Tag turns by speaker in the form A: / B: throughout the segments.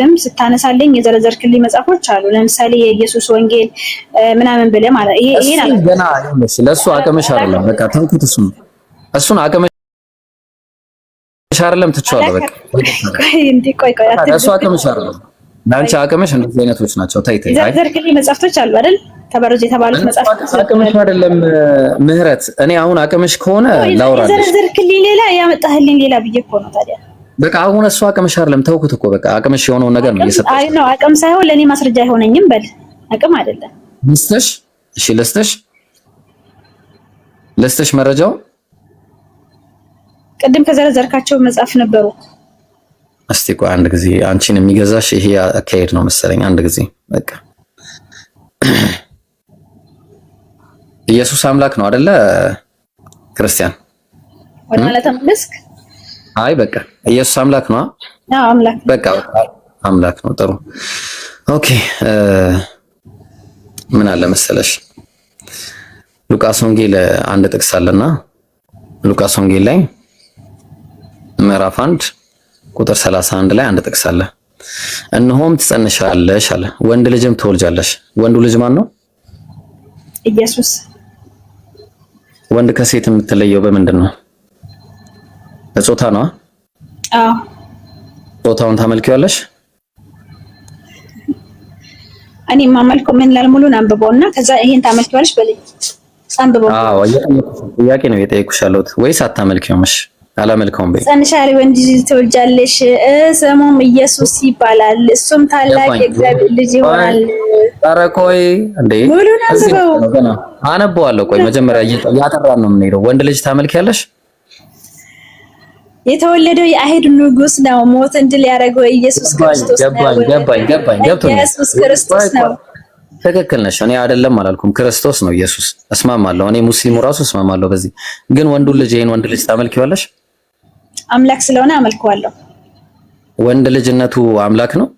A: ደም ስታነሳለኝ የዘረዘርክልኝ መጽሐፎች አሉ። ለምሳሌ የኢየሱስ ወንጌል ምናምን ብለህ ማለት ይሄ ይሄ ነው።
B: ገና ለሱ አቅምሽ አይደለም። በቃ ተንኩት እሱ እሱን አቅምሽ አይደለም። ትችዋለህ። በቃ
A: ቆይ እንዴ ቆይ ቆይ፣
B: እሱ አቅምሽ አይደለም። ለአንቺ አቅምሽ እንደዚህ አይነቶች ናቸው። ታይ ታይ
A: የዘረዘርክልኝ መጽሐፎች አሉ አይደል? ተበረዙ የተባሉት
B: መጽሐፎች አቅምሽ አይደለም። ምህረት፣ እኔ አሁን አቅምሽ ከሆነ ላውራ።
A: የዘረዘርክልኝ ሌላ ያመጣህልኝ ሌላ ብዬ እኮ ነው ታዲያ
B: በቃ አሁን እሱ አቅምሽ አይደለም ተውኩት እኮ በቃ አቅምሽ የሆነውን ነገር ነው
A: እየሰጠሽ። አይ ነው አቅም ሳይሆን ለኔ ማስረጃ አይሆነኝም። በል አቅም አይደለም
B: ልስጥሽ። እሺ ልስጥሽ፣ ልስጥሽ መረጃው
A: ቅድም ከዘረዘርካቸው መጽሐፍ ነበሩ።
B: እስቲ ቆይ አንድ ጊዜ አንቺን የሚገዛሽ ይሄ አካሄድ ነው መሰለኝ። አንድ ጊዜ በቃ ኢየሱስ አምላክ ነው አይደለ ክርስቲያን
A: ወደ ማለት አምስክ
B: አይ በቃ ኢየሱስ አምላክ ነው። አዎ አምላክ በቃ አምላክ ነው። ጥሩ ኦኬ። ምን አለ መሰለሽ ሉቃስ ወንጌል አንድ ጥቅስ አለና ሉቃስ ወንጌል ላይ ምዕራፍ አንድ ቁጥር 31 ላይ አንድ ጥቅስ አለ። እነሆም ትጸንሻለሽ አለ ወንድ ልጅም ትወልጃለሽ። ወንዱ ልጅ ማን ነው? ኢየሱስ። ወንድ ከሴት የምትለየው በምንድን ነው? ጾታ ነው? አዎ። ጾታውን ታመልኪዋለሽ?
A: እኔ የማመልከው ምን ላል ሙሉን አንብበውና ከዛ ይሄን ታመልኪዋለሽ በልኝ። አንብበው።
B: አዎ፣ ጥያቄ ነው የጠየኩሽ ያለሁት ወይስ አታመልኪውምሽ? አላመልከውም በይ።
A: ጸንሻሪ ወንድ ትወልጃለሽ፣ ስሙም ኢየሱስ ይባላል፣ እሱም ታላቅ የእግዚአብሔር ልጅ ይሆናል። ኧረ ቆይ እንዴ ሙሉን አንብበው።
B: አነበዋለሁ። ቆይ መጀመሪያ ያጠራን ነው የምንሄደው። ወንድ ልጅ ታመልኪያለሽ?
A: የተወለደው የአይሁድ ንጉስ ነው። ሞትን ድል ያደረገው ኢየሱስ
B: ክርስቶስ ነው። ገባኝ ገባኝ
A: ኢየሱስ ክርስቶስ ነው።
B: ትክክል ነሽ። እኔ አይደለም አላልኩም፣ ክርስቶስ ነው ኢየሱስ። እስማማለሁ። እኔ ሙስሊሙ ራሱ እስማማለሁ። በዚህ ግን ወንዱ ልጅ ይሄን ወንድ ልጅ ታመልኪዋለሽ?
A: አምላክ ስለሆነ አመልከዋለሁ።
B: ወንድ ልጅነቱ አምላክ ነው።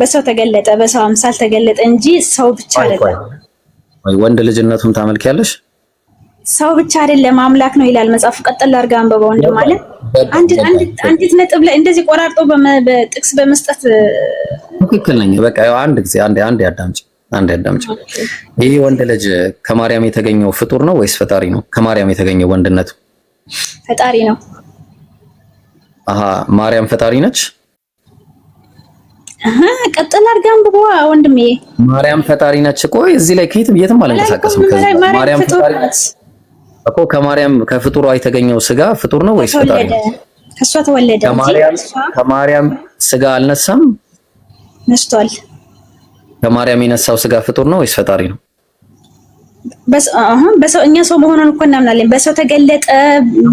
A: በሰው ተገለጠ፣ በሰው አምሳል ተገለጠ እንጂ ሰው ብቻ አይደለም።
B: ወንድ ልጅነቱን ታመልኪያለሽ?
A: ሰው ብቻ አይደለም አምላክ ነው ይላል መጽሐፉ። ቀጠል አድርጋ አንበባው እንደማለት አንድ አንድ አንዲት ነጥብ ላይ እንደዚህ ቆራርጦ በጥቅስ በመስጠት
B: ትክክል ነኝ። በቃ አንድ ጊዜ አንድ አንድ ያዳምጭ አንድ ያዳምጭ። ይሄ ወንድ ልጅ ከማርያም የተገኘው ፍጡር ነው ወይስ ፈጣሪ ነው? ከማርያም የተገኘው ወንድነቱ ፈጣሪ ነው። አሀ ማርያም ፈጣሪ ነች።
A: አሃ ቀጠል አድርጋ አንበባው ወንድሜ።
B: ማርያም ፈጣሪ ነች። ቆይ እዚህ ላይ ከየትም የትም አልንቀሳቀስም።
A: ከዚህ ማርያም ፈጣሪ ነች
B: እኮ ከማርያም ከፍጡሯ የተገኘው ስጋ ፍጡር ነው ወይስ ፍጣሪ ነው?
A: ከእሷ ተወለደ።
B: ከማርያም ስጋ አልነሳም፣ ነስቷል። ከማርያም የነሳው ስጋ ፍጡር ነው ወይስ ፈጣሪ ነው?
A: በሰው እኛ ሰው መሆኑን እኮ እናምናለን። በሰው ተገለጠ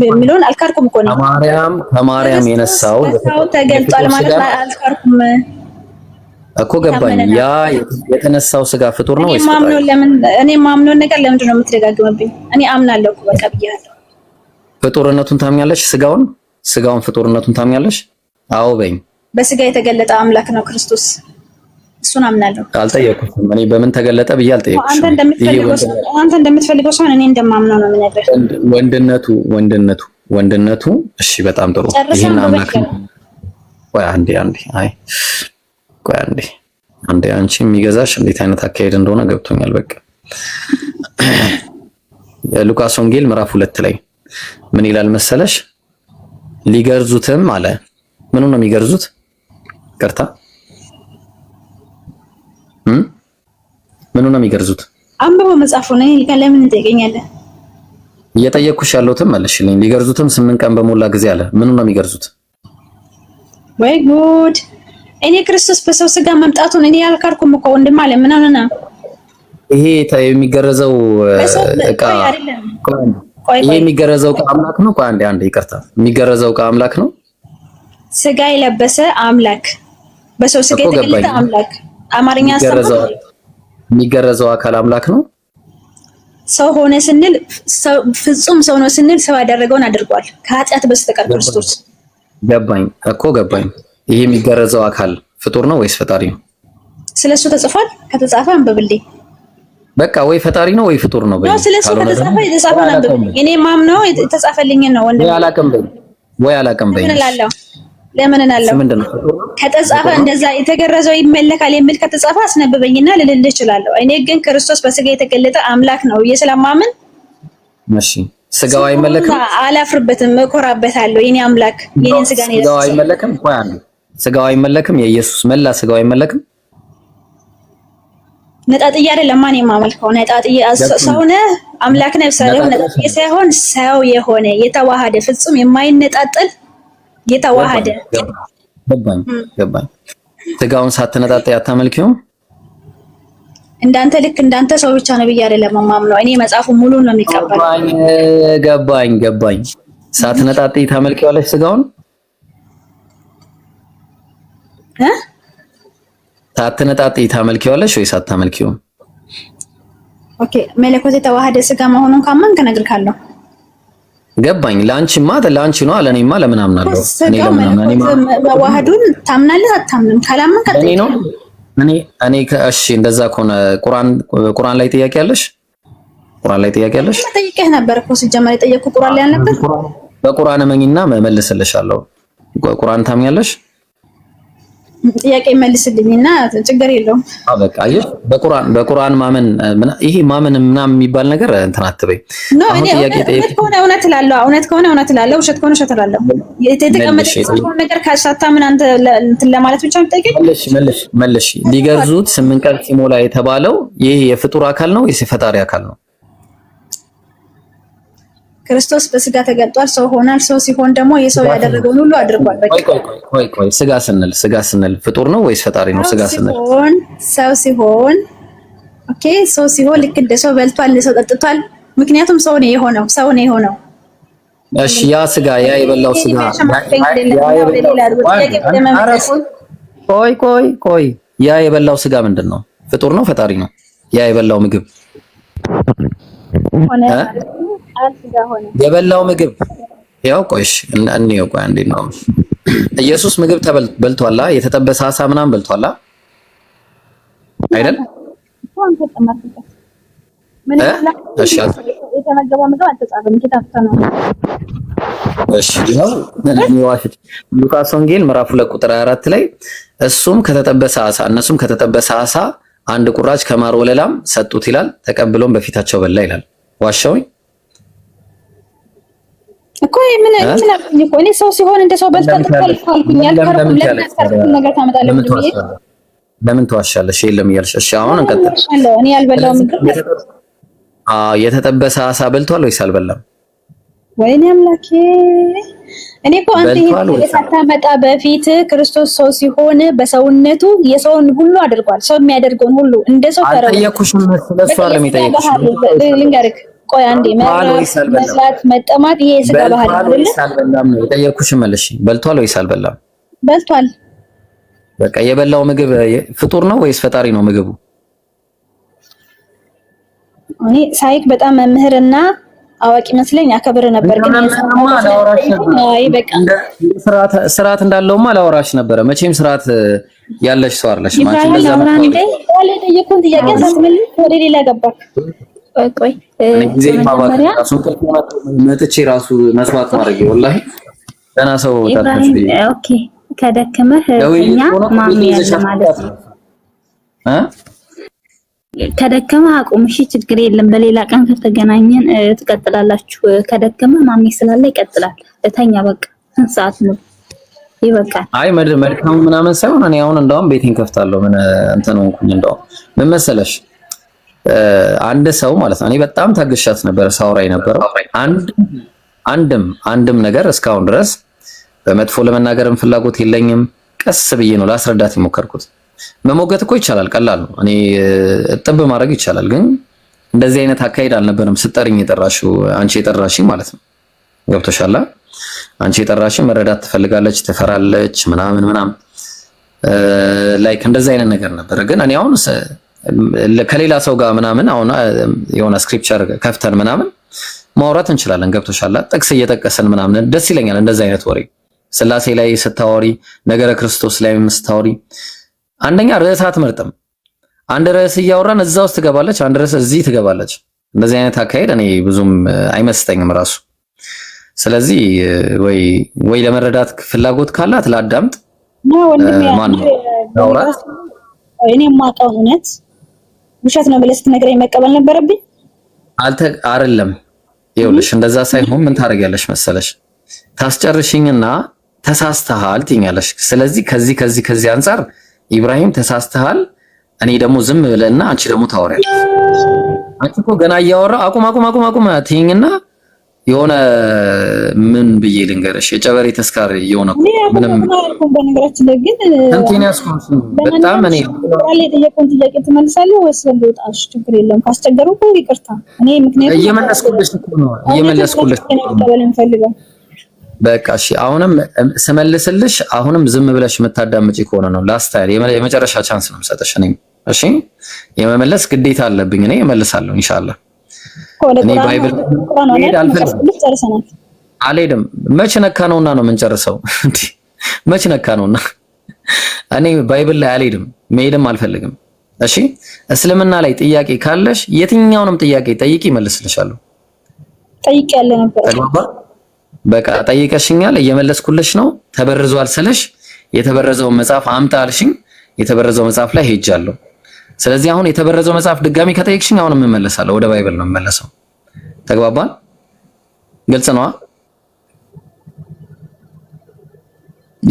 A: የሚለውን አልካርኩም እኮ ነው።
B: ከማርያም ከማርያም የነሳው
A: ተገልጧል ማለት አልካርኩም
B: እኮ ገባኝ። ያ የተነሳው ስጋ ፍጡር ነው ወይስ
A: ማምኖ? ለምን እኔ ማምኖ ነገር ለምንድን ነው የምትደጋግምብኝ? እኔ አምናለሁ እኮ በቃ ብያለሁ።
B: ፍጡርነቱን ታምኛለሽ? ስጋውን ስጋውን ፍጡርነቱን ታምኛለሽ? አዎ በይኝ።
A: በስጋ የተገለጠ አምላክ ነው ክርስቶስ። እሱን አምናለሁ።
B: አልጠየኩሽም። እኔ በምን ተገለጠ ብዬ አልጠየኩሽም።
A: አንተ እንደምትፈልገው ሰው እኔ እንደማምነው ነው የምነግርህ።
B: ወንድነቱ ወንድነቱ ወንድነቱ እሺ፣ በጣም ጥሩ።
A: ይሄን አምላክ ነው
B: ወይ? አንዴ አንዴ አይ ቆይ አንዴ አንዴ አንቺ የሚገዛሽ እንዴት አይነት አካሄድ እንደሆነ ገብቶኛል። በቃ የሉቃስ ወንጌል ምዕራፍ ሁለት ላይ ምን ይላል መሰለሽ? ሊገርዙትም አለ። ምኑ ነው የሚገርዙት? ቅርታ ምኑ ነው የሚገርዙት?
A: አንብቦ መጽሐፉ ነው። ለምን እንጠይቀኛለን?
B: እየጠየቅኩሽ ያለሁትም መልሽልኝ። ሊገርዙትም ስምንት ቀን በሞላ ጊዜ አለ። ምኑ ነው የሚገርዙት?
A: ወይ ጉድ እኔ ክርስቶስ በሰው ስጋ መምጣቱን እኔ ያልካልኩም እኮ ወንድም አለ ምናምን
B: ይሄ የሚገረዘው እቃ ይሄ የሚገረዘው እቃ አምላክ ነው። ቆይ አንዴ አንዴ ይቅርታ፣ የሚገረዘው እቃ አምላክ ነው።
A: ስጋ የለበሰ አምላክ፣ በሰው ስጋ የተገለጠ አምላክ። አማርኛ ሰው
B: የሚገረዘው አካል አምላክ ነው።
A: ሰው ሆነ ስንል ፍጹም ሰው ነው ስንል ሰው ያደረገውን አድርጓል ከኃጢአት በስተቀር ክርስቶስ።
B: ገባኝ እኮ ገባኝ ይሄ የሚገረዘው አካል ፍጡር ነው ወይስ ፈጣሪ ነው?
A: ስለሱ ተጽፏል። ከተጻፈ አንብብልኝ።
B: በቃ ወይ ፈጣሪ ነው ወይ ፍጡር ነው። በይ
A: ስለሱ ከተጻፈ የተጻፈ አንብብልኝ። እኔ ማምነው የተጻፈልኝ ነው
B: ወንድም። ወይ አላቅም በይ ወይ አላቅም በይ
A: ለምን እናለው? ከተጻፈ እንደዛ የተገረዘው ይመለካል የሚል ከተጻፈ አስነብበኝና ልልልህ እችላለሁ። እኔ ግን ክርስቶስ በስጋ የተገለጠ አምላክ ነው ስለማምን
B: እሺ ስጋው
A: አይመለክም፣ አላፍርበትም፣ እኮራበታለሁ። የኔ አምላክ
B: የኔን ስጋ ነው ስጋው አይመለክም። ቆይ አንዴ ስጋው አይመለክም። የኢየሱስ መላ ስጋው አይመለክም።
A: ነጣጥዬ አይደለም ማን የማመልከው ነጣጥዬ ሰውነ አምላክ ነው ሳይሆን ነጣጥዬ ሳይሆን ሰው የሆነ የተዋሃደ ፍጹም የማይነጣጥል የተዋሃደ
B: ገባኝ ገባኝ። ስጋውን ሳትነጣጥ አታመልኪውም።
A: እንዳንተ ልክ እንዳንተ ሰው ብቻ ነው ብዬ አይደለም የማምነው እኔ መጽሐፉ ሙሉ ነው የሚቀበለው።
B: ገባኝ ገባኝ። ሳትነጣጥ ታመልኪዋለች ስጋውን ሳትነጣጥ ታመልኪዋለሽ ወይስ አታመልኪውም?
A: ኦኬ መለኮት የተዋሃደ ስጋ መሆኑን ካመንክ እነግርካለሁ።
B: ገባኝ። ለአንቺማ ለአንቺ ነው፣ ለእኔማ ለምን አምናለሁ?
A: እኔ ለምን አምናለሁ? ታምናለህ አታምንም? ካላመንክ እኔ
B: ነው እኔ እኔ እሺ፣ እንደዛ ከሆነ ቁርአን ቁርአን ላይ ጥያቄ አለሽ? ቁርአን ላይ ጥያቄ አለሽ?
A: ጠይቄህ ነበር እኮ ሲጀመር የጠየቅኩህ ቁርአን ላይ አልነበር?
B: በቁርአን እመኝና እመልስልሻለሁ። ቁርአን ታምኛለሽ?
A: ጥያቄ መልስልኝ እና ችግር የለውም።
B: በቃ አየሽ፣ በቁርአን በቁርአን ማመን ይሄ ማመን ምናምን የሚባል ነገር እንትን አትበይ።
A: እውነት ከሆነ እውነት እላለሁ፣ እውነት ከሆነ እውነት እላለሁ፣ ውሸት ከሆነ ውሸት እላለሁ። የተቀመጠ ነገር ካሳታምን አንተ እንትን ለማለት ብቻ የምጠይቀኝ
B: መልሽ መልሽ። መልሽ። ሊገርዙት ስምንት ቀን ሲሞላ የተባለው ይሄ የፍጡር አካል ነው ወይስ የፈጣሪ አካል ነው?
A: ክርስቶስ በስጋ ተገልጧል፣ ሰው ሆኗል። ሰው ሲሆን ደግሞ የሰው ያደረገውን ሁሉ አድርጓል።
B: በቃ ስጋ ስንል ስጋ ስንል ፍጡር ነው ወይስ ፈጣሪ ነው? ስጋ ስንል
A: ሰው ሲሆን ኦኬ፣ ሰው ሲሆን ልክ እንደ ሰው በልቷል፣ እንደ ሰው ጠጥቷል። ምክንያቱም ሰው ነው የሆነው፣ ሰው ነው የሆነው።
B: እሺ፣ ያ ስጋ ያ የበላው ስጋ ቆይ ቆይ ቆይ፣ ያ የበላው ስጋ ምንድን ነው? ፍጡር ነው? ፈጣሪ ነው? ያ የበላው ምግብ የበላው ምግብ ያው ቆይሽ እንኔ ቆይ አንዴ ነው ኢየሱስ ምግብ ተበልቷላ የተጠበሰ አሳ ምናምን በልቷላ አይደል? ሉቃስ ወንጌል ምዕራፍ ሁለት ቁጥር 24 ላይ እሱም ከተጠበሰ አሳ እነሱም ከተጠበሰ አሳ አንድ ቁራጭ ከማር ወለላም ሰጡት ይላል። ተቀብሎም በፊታቸው በላ ይላል። ዋሻውኝ
A: እኮ ምን ምን አልኩኝ እኮ እኔ ሰው ሲሆን እንደ ሰው ለምን ነገር ታመጣለህ
B: ለምን የለም እያልሽ እሺ፣ አሁን እንቀጥል። እኔ ያልበላው የተጠበሰ አሳ በልቷል ወይስ አልበላም?
A: ወይኔ አምላኬ! እኔ እኮ አንተ ሳታመጣ በፊት ክርስቶስ ሰው ሲሆን በሰውነቱ የሰውን ሁሉ አድርጓል። ሰው የሚያደርገውን ሁሉ እንደ ሰው
B: ተረው አልጠየኩሽም።
A: ስለሱ አይደለም የጠየኩሽ ልንገርህ ቆይ አንዴ መስላት መጠማት ይሄ ስጋ ባህል አይደለ?
B: አልበላም ነው በልቷል ወይስ አልበላም? በልቷል። በቃ የበላው ምግብ ፍጡር ነው ወይስ ፈጣሪ ነው ምግቡ?
A: እኔ ሳይክ በጣም መምህርና አዋቂ መስለኝ አከብር ነበር፣ ግን
B: ስርዓት እንዳለውማ ላወራሽ ነበረ። መቼም ስርዓት ያለሽ ሰው አለሽ
A: ማለት ነው። እንደዛ ነው። ወደ ሌላ ገባክ
B: ራሱ መጥቼ ራሱ መስዋዕት ማድረግ ወላሂ ገና ሰው
A: ኦኬ ከደከመህ እኛ ማሚ ያለ ማለት ነው አቁም። እሺ ችግር የለም። በሌላ ቀን ከተገናኘን ትቀጥላላችሁ። ከደከመ ማሚ ስላለ ይቀጥላል። እተኛ በቃ ሰዓት ነው
B: ይበቃል። አይ መድካሙ ምናምን ሳይሆን እኔ አሁን እንደውም ቤቴን ከፍታለሁ። ምን እንትን ሆንኩኝ። እንደውም ምን መሰለሽ አንድ ሰው ማለት ነው እኔ በጣም ታግሻት ነበረ ሳውራይ የነበረው አንድም አንድም ነገር እስካሁን ድረስ በመጥፎ ለመናገርም ፍላጎት የለኝም። ቀስ ብዬ ነው ላስረዳት የሞከርኩት። መሞገት እኮ ይቻላል፣ ቀላል ነው። እኔ እጥብ ማድረግ ይቻላል። ግን እንደዚህ አይነት አካሄድ አልነበረም። ስጠርኝ የጠራሽው አንቺ የጠራሽ ማለት ነው። ገብቶሻላ? አንቺ የጠራሽ መረዳት ትፈልጋለች፣ ትፈራለች፣ ምናምን ምናምን ላይክ እንደዚህ አይነት ነገር ነበረ። ግን እኔ አሁን ከሌላ ሰው ጋር ምናምን አሁን የሆነ ስክሪፕቸር ከፍተን ምናምን ማውራት እንችላለን። ገብቶሻል? ጥቅስ እየጠቀስን ምናምን ደስ ይለኛል። እንደዚህ አይነት ወሬ ስላሴ ላይ ስታወሪ፣ ነገረ ክርስቶስ ላይ ስታወሪ፣ አንደኛ ርዕስ አትመርጥም። አንድ ርዕስ እያወራን እዛ ውስጥ ትገባለች፣ አንድ ርዕስ እዚህ ትገባለች። እንደዚህ አይነት አካሄድ እኔ ብዙም አይመስጠኝም ራሱ። ስለዚህ ወይ ወይ ለመረዳት ፍላጎት ካላት ላዳምጥ ማን ነው
A: እኔ የማውቀው እውነት ውሸት ነው ብለህ ስትነግረኝ መቀበል ነበረብኝ።
B: አልተ አይደለም ይኸውልሽ፣ እንደዛ ሳይሆን ምን ታደርጊያለሽ መሰለሽ ታስጨርሽኝና ተሳስተሃል ትኛለሽ። ስለዚህ ከዚህ ከዚህ ከዚህ አንጻር ኢብራሂም ተሳስተሃል፣ እኔ ደግሞ ዝም ብለና አንቺ ደግሞ ታወሪያለሽ። አንቺ እኮ ገና እያወራ አቁም አቁም አቁም አቁም ትይኝና የሆነ ምን ብዬ ልንገርሽ፣ የጨበሬ ተስካሪ የሆነ
A: ምንም በነገራችን ላይ ግን
B: እንትን
A: ጥያቄ ትመልሳለህ ወይስ ልውጣ? ችግር የለውም ካስቸገሩ እኮ ይቅርታ። እኔ ምክንያቱም
B: እየመለስኩልሽ ነው እየመለስኩልሽ በቃ እሺ፣ አሁንም ስመልስልሽ፣ አሁንም ዝም ብለሽ የምታዳምጪ ከሆነ ነው ላስታይል የመጨረሻ ቻንስ ነው የምሰጥሽ። እኔ እሺ የመመለስ ግዴታ አለብኝ እኔ እመልሳለሁ ኢንሻአላህ አልሄድም። መች ነካ ነውና ነው የምንጨርሰው። መች ነካ ነውና እኔ ባይብል ላይ አልሄድም፣ መሄድም አልፈልግም። እሺ እስልምና ላይ ጥያቄ ካለሽ የትኛውንም ጥያቄ ጠይቂ፣ ይመልስልሻለሁ።
A: ጠይቄ ያለ ነበር።
B: በቃ ጠይቀሽኛል፣ እየመለስኩልሽ ነው። ተበርዟል ስለሽ የተበረዘውን መጽሐፍ አምጣ አልሽኝ። የተበረዘው መጽሐፍ ላይ ሄጃለሁ። ስለዚህ አሁን የተበረዘው መጽሐፍ ድጋሚ ከጠየቅሽኝ አሁን የምመለሳለሁ፣ ወደ ባይብል ነው የምመለሰው። ተግባባን? ግልጽ ነዋ።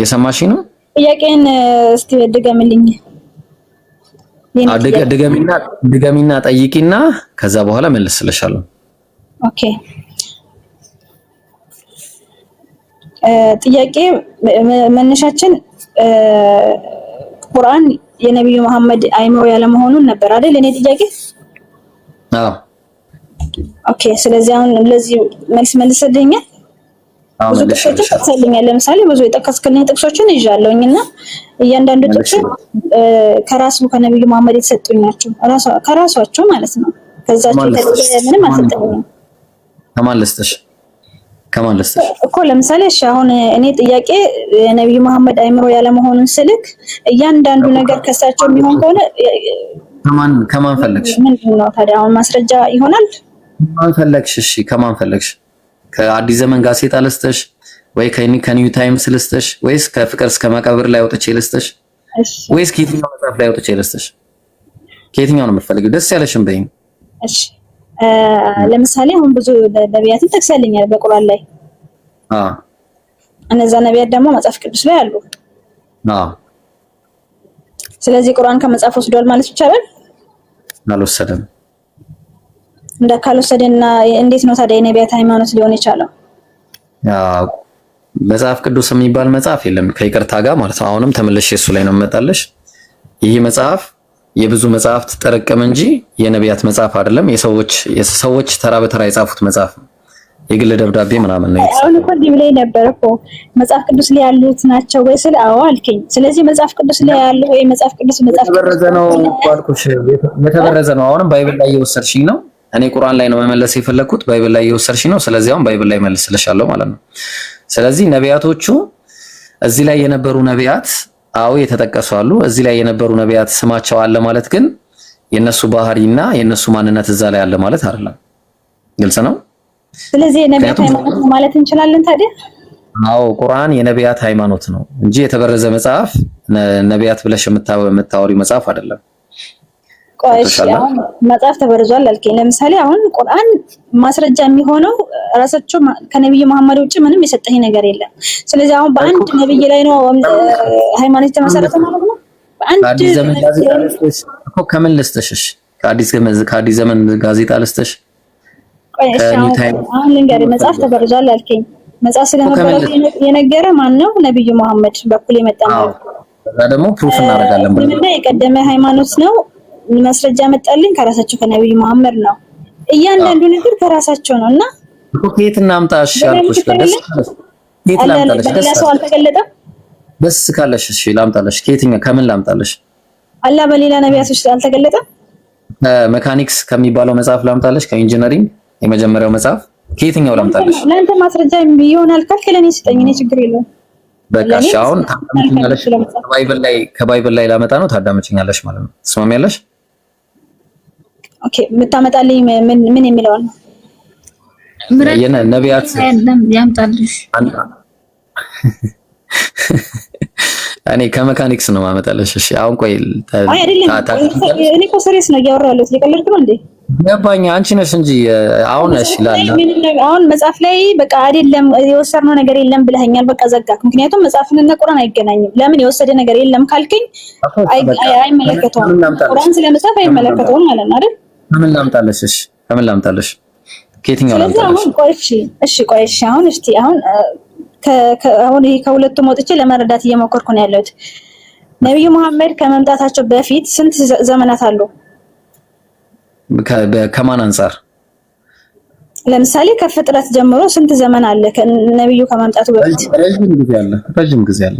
B: የሰማሽኝ ነው።
A: ጥያቄን እስቲ ድገምልኝ።
B: ድገሚና ድገሚና ጠይቂና ከዛ በኋላ መልስልሻለሁ።
A: ኦኬ። ጥያቄ መነሻችን ቁርአን የነቢዩ መሐመድ አይምሮ ያለመሆኑን ነበር አይደል? እኔ ጥያቄ አዎ። ኦኬ። ስለዚህ አሁን ለዚህ መልስ መልሰልኛል። ብዙ ጥቅሶችን ጠቅሰልኛል። ለምሳሌ ብዙ የጠቀስክልኝ ጥቅሶችን ይዣለሁኝ እና እያንዳንዱ ጥቅስ ከራሱ ከነቢዩ መሐመድ የተሰጡኝ ናቸው። ከራሷቸው ማለት ነው። ከዛቸው ምንም አልሰጠኝም።
B: ከማን ልስጥሽ? ከማለስ
A: እኮ ለምሳሌ እሺ፣ አሁን እኔ ጥያቄ ነብዩ መሐመድ አይምሮ ያለመሆኑን ስልክ እያንዳንዱ ነገር ከሳቸው የሚሆን ከሆነ
B: ከማን ከማን ፈለግሽ?
A: ምንድን ነው ታዲያ አሁን ማስረጃ ይሆናል።
B: ከማን ፈለግሽ? እሺ፣ ከማን ፈለግሽ? ከአዲስ ዘመን ጋዜጣ ልስጥሽ ወይ ከኒ ከኒው ታይምስ ልስጥሽ ወይስ ከፍቅር እስከ መቃብር ላይ ወጥቼ ልስጥሽ ወይስ ከየትኛው መጽሐፍ ላይ ወጥቼ ልስጥሽ? ከየትኛው ነው የምትፈልጊው? ደስ ያለሽም በይኝ።
A: እሺ ለምሳሌ አሁን ብዙ ነቢያትን ጠቅሰልኛል በቁርአን ላይ። እነዛ ነቢያት ደግሞ መጽሐፍ ቅዱስ ላይ አሉ። ስለዚህ ቁርአን ከመጽሐፍ ወስዷል ማለት ይቻላል? አልወሰደም። እንደ ካልወሰደና እንዴት ነው ታዲያ የነቢያት ሃይማኖት ሊሆን የቻለው?
B: መጽሐፍ ቅዱስ የሚባል መጽሐፍ የለም ከይቅርታ ጋር ማለት ነው። አሁንም ተመለሽ እሱ ላይ ነው መጣለሽ ይህ መጽሐፍ የብዙ መጽሐፍት ጠረቀም እንጂ የነቢያት መጽሐፍ አይደለም። የሰዎች የሰዎች ተራ በተራ የጻፉት መጽሐፍ ነው። የግል ደብዳቤ ምናምን ነው።
A: አሁን እኮ እንዲህ ብለህ ነበር እኮ መጽሐፍ ቅዱስ ላይ ያሉት ናቸው ወይ ስለ አዎ አልከኝ። ስለዚህ መጽሐፍ ቅዱስ ላይ ያሉ ወይ መጽሐፍ ቅዱስ መጽሐፍ
B: የተበረዘ ነው ባልኩሽ፣ የተበረዘ ነው። አሁንም ባይብል ላይ እየወሰድሽኝ ነው። እኔ ቁርአን ላይ ነው መመለስ የፈለኩት፣ ባይብል ላይ እየወሰድሽኝ ነው። ስለዚህ አሁን ባይብል ላይ መልስልሻለሁ ማለት ነው። ስለዚህ ነቢያቶቹ እዚህ ላይ የነበሩ ነቢያት አዎ የተጠቀሱ አሉ። እዚህ ላይ የነበሩ ነቢያት ስማቸው አለ ማለት ግን የነሱ ባህሪና የነሱ ማንነት እዛ ላይ አለ ማለት አይደለም። ግልጽ ነው።
A: ስለዚህ የነቢያት ሃይማኖት ነው ማለት እንችላለን ታዲያ።
B: አዎ ቁርአን የነቢያት ሃይማኖት ነው እንጂ የተበረዘ መጽሐፍ ነቢያት ብለሽ የምታወሪ መጽሐፍ አይደለም።
A: መጽሐፍ ተበርዟል አልከኝ። ለምሳሌ አሁን ቁርአን ማስረጃ የሚሆነው ራሳቸው ከነቢዩ መሐመድ ውጭ ምንም የሰጠኝ ነገር የለም። ስለዚህ አሁን በአንድ ነቢይ ላይ ነው ሃይማኖት የተመሰረተ ማለት ነው።
B: በአንድ ከምን ልስጥሽ? ከአዲስ ዘመን ጋዜጣ ልስጥሽ?
A: አሁን ልንገርህ፣ መጽሐፍ ተበርዟል አልከኝ። መጽሐፍ ስለመበረዙ የነገረ ማን ነው? ነቢዩ መሐመድ በኩል የመጣ
B: ነው። ደግሞ ፕሩፍ እናደርጋለን
A: ብለህ የቀደመ ሃይማኖት ነው ማስረጃ መጣልኝ ከራሳቸው ከነቢይ መሐመድ ነው። እያንዳንዱ ነገር ከራሳቸው ነው እና
B: ከየት እናምጣሽ አልኩሽ። ከደስ ደስ አልተገለጠም። ደስ ካለሽ እሺ ላምጣለሽ። ከየትኛው ከምን ላምጣለሽ?
A: አላህ በሌላ ነቢያቶች አልተገለጠም።
B: መካኒክስ ከሚባለው መጽሐፍ ላምጣለሽ? ከኢንጂነሪንግ የመጀመሪያው መጽሐፍ ከየትኛው ላምጣለሽ?
A: ለአንተ ማስረጃ ይሆናል ካልክ ለኔ ስጠኝ፣ እኔ ችግር የለውም።
B: በቃ እሺ አሁን ታዳምጪኛለሽ። ከባይብል ላይ ከባይብል ላይ ላመጣ ነው። ታዳምጪኛለሽ ማለት ነው። ትስማሚያለሽ?
A: ኦኬ የምታመጣልኝ ምን ምን የሚለውን ነው ነቢያት ያምጣልሽ።
B: እኔ ከመካኒክስ ነው ማመጣለሽ። እሺ አሁን ቆይ፣
A: እኔ እኮ ሴሪየስ ነው እያወራሁ ያለሁት። እየቀለድክ ነው እንዴ?
B: ገባኝ። አንቺ ነሽ እንጂ አሁን። እሺ
A: አሁን መጽሐፍ ላይ በቃ አይደለም የወሰድነው ነገር የለም ብለኸኛል። በቃ ዘጋክ። ምክንያቱም መጽሐፍንና ቁራን አይገናኝም። ለምን የወሰደ ነገር የለም ካልከኝ አይመለከተውም። ቁራን ስለመጽሐፍ አይመለከተውም ማለት ነው አይደል?
B: ከምን ላምጣለሽ? እሺ ከምን ላምጣለሽ? ከየትኛው ላምጣለሽ?
A: እሺ አሁን እስቲ አሁን አሁን ይሄ ከሁለቱም ወጥቼ ለመረዳት እየሞከርኩ ነው ያለሁት። ነቢዩ መሐመድ ከመምጣታቸው በፊት ስንት ዘመናት አሉ? ከማን አንጻር? ለምሳሌ ከፍጥረት ጀምሮ ስንት ዘመን አለ? ነቢዩ ከመምጣቱ
B: በፊት ረጅም ጊዜ አለ። ረጅም ጊዜ አለ።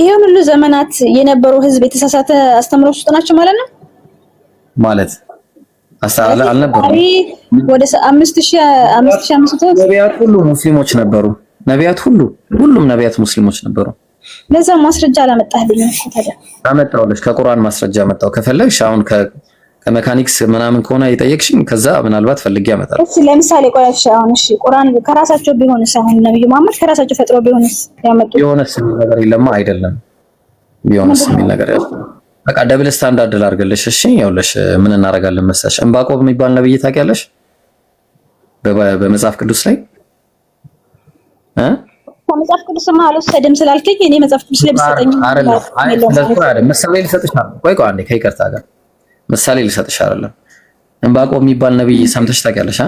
A: ይሄን ሁሉ ዘመናት የነበሩ ህዝብ የተሳሳተ አስተምሮ ውስጥ ናቸው ማለት ነው
B: ማለት ነቢያት ሁሉ ሙስሊሞች ነበሩ። ነቢያት ሁሉ ሁሉም ነቢያት ሙስሊሞች ነበሩ።
A: ለዛ ማስረጃ አላመጣህልኝም እኮ ታዲያ።
B: አመጣሁልሽ ከቁርአን ማስረጃ አመጣሁ። ከፈለግሽ አሁን ከመካኒክስ ምናምን ከሆነ የጠየቅሽኝ ከዛ ምናልባት ፈልጌ አመጣለሁ።
A: እሺ ለምሳሌ ቆያሽ አሁን እሺ ቁርአን ከራሳቸው ቢሆንስ አሁን ነብዩ መሐመድ ከራሳቸው ፈጥሮ ቢሆንስ
B: ያመጡ ቢሆንስ የሚል ነገር የለማ አይደለም ቢሆንስ የሚል ነገር ያለው በቃ ደብል ስታንዳርድ ላድርግልሽ። እሺ ያውለሽ ምን እናደርጋለን መሰለሽ፣ እንባቆብ የሚባል ነብይ ታውቂያለሽ? በመጽሐፍ ቅዱስ ላይ እ
A: ከመጽሐፍ ቅዱስማ አልወሰድም ስላልከኝ እኔ መጽሐፍ ቅዱስ
B: ላይ ብትሰጠኝ አይደለም አይደለም፣ ምሳሌ ልሰጥሽ አይደለም። ቆይ ቆይ አንዴ ከይቅርታ ጋር ምሳሌ ልሰጥሽ አይደለም። እምባቆብ የሚባል ነብይ ሰምተሽ ታውቂያለሽ?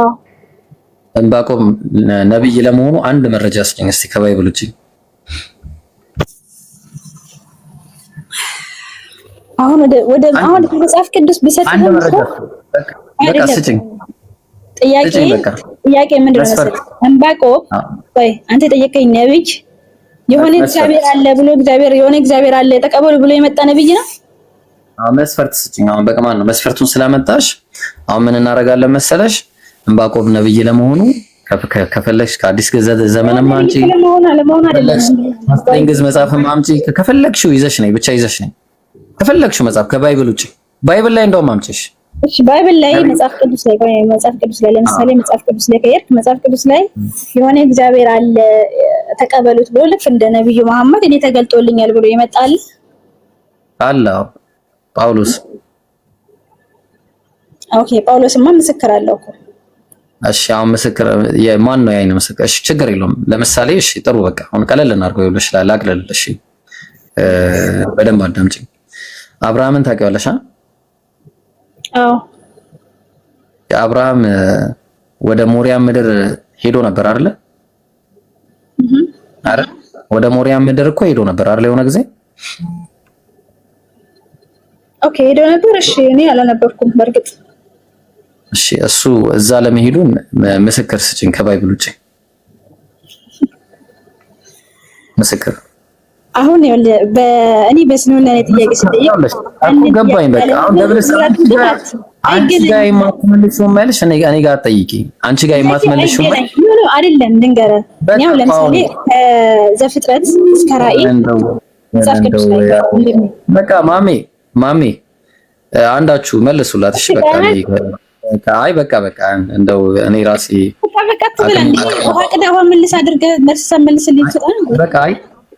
B: አዎ ነብይ ለመሆኑ አንድ መረጃ ስጪኝ እስቲ ከባይብል ውጪ
A: አሁን ወደ አሁን መጽሐፍ ቅዱስ ቢሰጥ ጥያቄ ጥያቄ ምንድን ነው መሰለህ? ወይ አንተ የጠየቀኝ ነብይ የሆነ እግዚአብሔር አለ ብሎ እግዚአብሔር የሆነ እግዚአብሔር አለ ተቀበሉ ብሎ የመጣ ነብይ ነው።
B: አሁን መስፈርት ስጭኝ። አሁን በቃ ማን ነው መስፈርቱን ስላመጣሽ አሁን ምን እናደርጋለን መሰለሽ? ዕንባቆም ነብይ ለመሆኑ ከፈለግሽ ከአዲስ ዘመንም አምጪ፣ ከፈለግሽ መጽሐፍም አምጪ፣ ከፈለግሽው ይዘሽ ነኝ ብቻ ይዘሽ ነኝ ከፈለግሽ መጽሐፍ ከባይብል ውጭ ባይብል ላይ እንደውም አምጪሽ።
A: እሺ ባይብል ላይ መጽሐፍ ቅዱስ ላይ መጽሐፍ ቅዱስ ላይ ለምሳሌ መጽሐፍ ቅዱስ ላይ ከሄድክ መጽሐፍ ቅዱስ ላይ የሆነ እግዚአብሔር አለ ተቀበሉት ብሎ ልክ እንደ ነብዩ መሐመድ እኔ ተገልጦልኛል ብሎ ይመጣል
B: አለ ጳውሎስ።
A: ኦኬ ጳውሎስማ ምስክር አለው እኮ።
B: እሺ አሁን ምስክር የማን ነው? ያይን ምስክር። እሺ ችግር የለውም። ለምሳሌ እሺ ጥሩ በቃ አሁን ቀለል እናድርገው ይሉሽ ላል አቅለል። እሺ በደንብ አዳምጪኝ። አብርሃምን ታውቂዋለሽ? አዎ። አብርሃም ወደ ሞሪያ ምድር ሄዶ ነበር አይደለ? አረ ወደ ሞሪያ ምድር እኮ ሄዶ ነበር አይደለ? የሆነ ጊዜ
A: ኦኬ፣ ሄዶ ነበር። እሺ፣ እኔ አላነበርኩም በእርግጥ።
B: እሺ፣ እሱ እዛ ለመሄዱ ምስክር ስጭኝ፣ ከባይብል ውጭ ምስክር
A: አሁን እኔ በስነውና ላይ ጥያቄ ስጠይቅ
B: ገባኝ። በቃ አሁን ደብረ አንቺ ጋር የማትመልሺው መልሽ እኔ ጋር ጠይቂ። አንቺ ጋር የማትመልሺው
A: መልሽ አይደለም። ልንገርህ፣ እኔ አሁን ለምሳሌ ዘፍጥረት እስከ ራእይ መጽሐፍ
B: ቅዱስ ላይ በቃ ማሜ ማሜ አንዳችሁ መልሱላት። እሺ በቃ አይ በቃ በቃ እንደው እኔ ራሴ
A: በቃ በቃ ትብላለህ። ውሃ ቅዳ ውሃ መልስ አድርገህ መልስ መልስልኝ።
B: በቃ አይ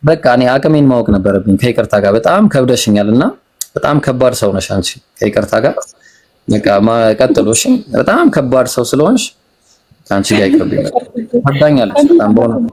B: በቃ እኔ አቅሜን ማወቅ ነበረብኝ። ከይቅርታ ጋር በጣም ከብደሽኛል እና በጣም ከባድ ሰው ነሽ አንቺ። ከይቅርታ ጋር በቃ ቀጥሎሽ በጣም ከባድ ሰው ስለሆንሽ ከአንቺ ጋር ይቅርብኝ። ታዳኛለሽ በጣም በሆነ